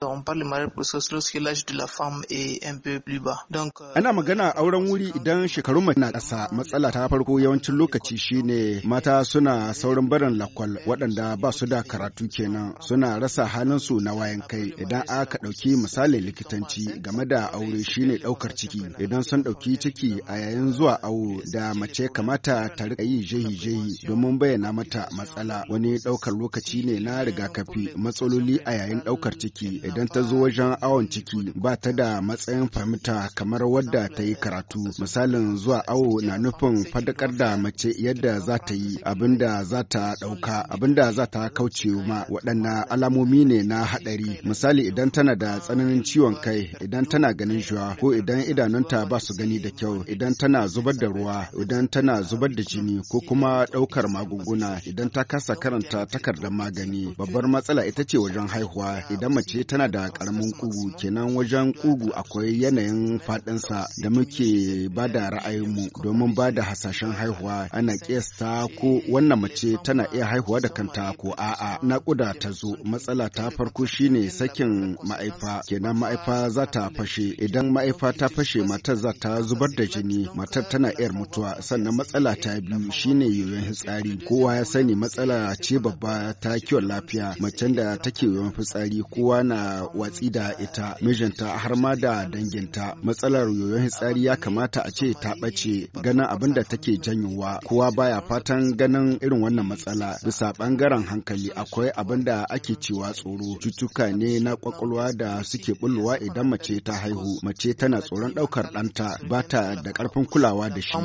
Todo. on parle marie de la femme est un peu plus bas. Donc euh, ana magana a auren wuri idan shekarun mace na ƙasa matsala ta farko yawancin lokaci shine mata suna saurin barin lakwal waɗanda ba su da karatu kenan suna rasa halinsu na wayan kai idan aka ɗauki misalin likitanci game da aure shine ɗaukar ciki idan sun ɗauki ciki a yayin zuwa awo da mace kamata ta riƙa yi jehi-jehi domin bayyana mata matsala wani ɗaukar lokaci ne na rigakafi matsaloli a yayin ɗaukar ciki idan ta zo wajen awon ciki ba ta da matsayin fahimta kamar wadda ta yi karatu misalin zuwa awo na nufin fadakar da mace yadda za ta yi abinda za ta ɗauka abinda za ta kauce ma waɗannan alamomi ne na haɗari misali idan tana da tsananin ciwon kai idan tana ganin shuwa ko idan idanunta ba su gani da kyau idan tana zubar da ruwa idan tana zubar da jini ko kuma ɗaukar magunguna idan ta kasa karanta takardar magani babbar matsala ita ce wajen haihuwa idan mace tana da da karamin kugu kenan wajen kugu akwai yanayin faɗinsa da muke ba da ra'ayinmu domin ba da hasashen haihuwa ana kiyasta ko wannan mace tana iya haihuwa da kanta ko a'a naƙuda ta zo matsala ta farko shine sakin ma'aifa kenan ma'aifa za ta fashe idan ma'aifa ta fashe matar za ta zubar da jini matar tana iya mutuwa sannan matsala ta biyu shine yoyon fitsari kowa ya sani matsala ce babba ta kiwon lafiya macen da take yoyon fitsari kowa na watsi da ita mijinta har ma da danginta matsalar yoyon hitsari ya kamata a ce ta ɓace ganin abin da take janyowa kowa baya fatan ganin irin wannan matsala bisa ɓangaren hankali akwai abin da ake cewa tsoro cutuka ne na kwakwalwa da suke bullowa idan mace ta haihu mace tana tsoron ɗaukar ɗanta ba ta da ƙarfin kulawa da shi.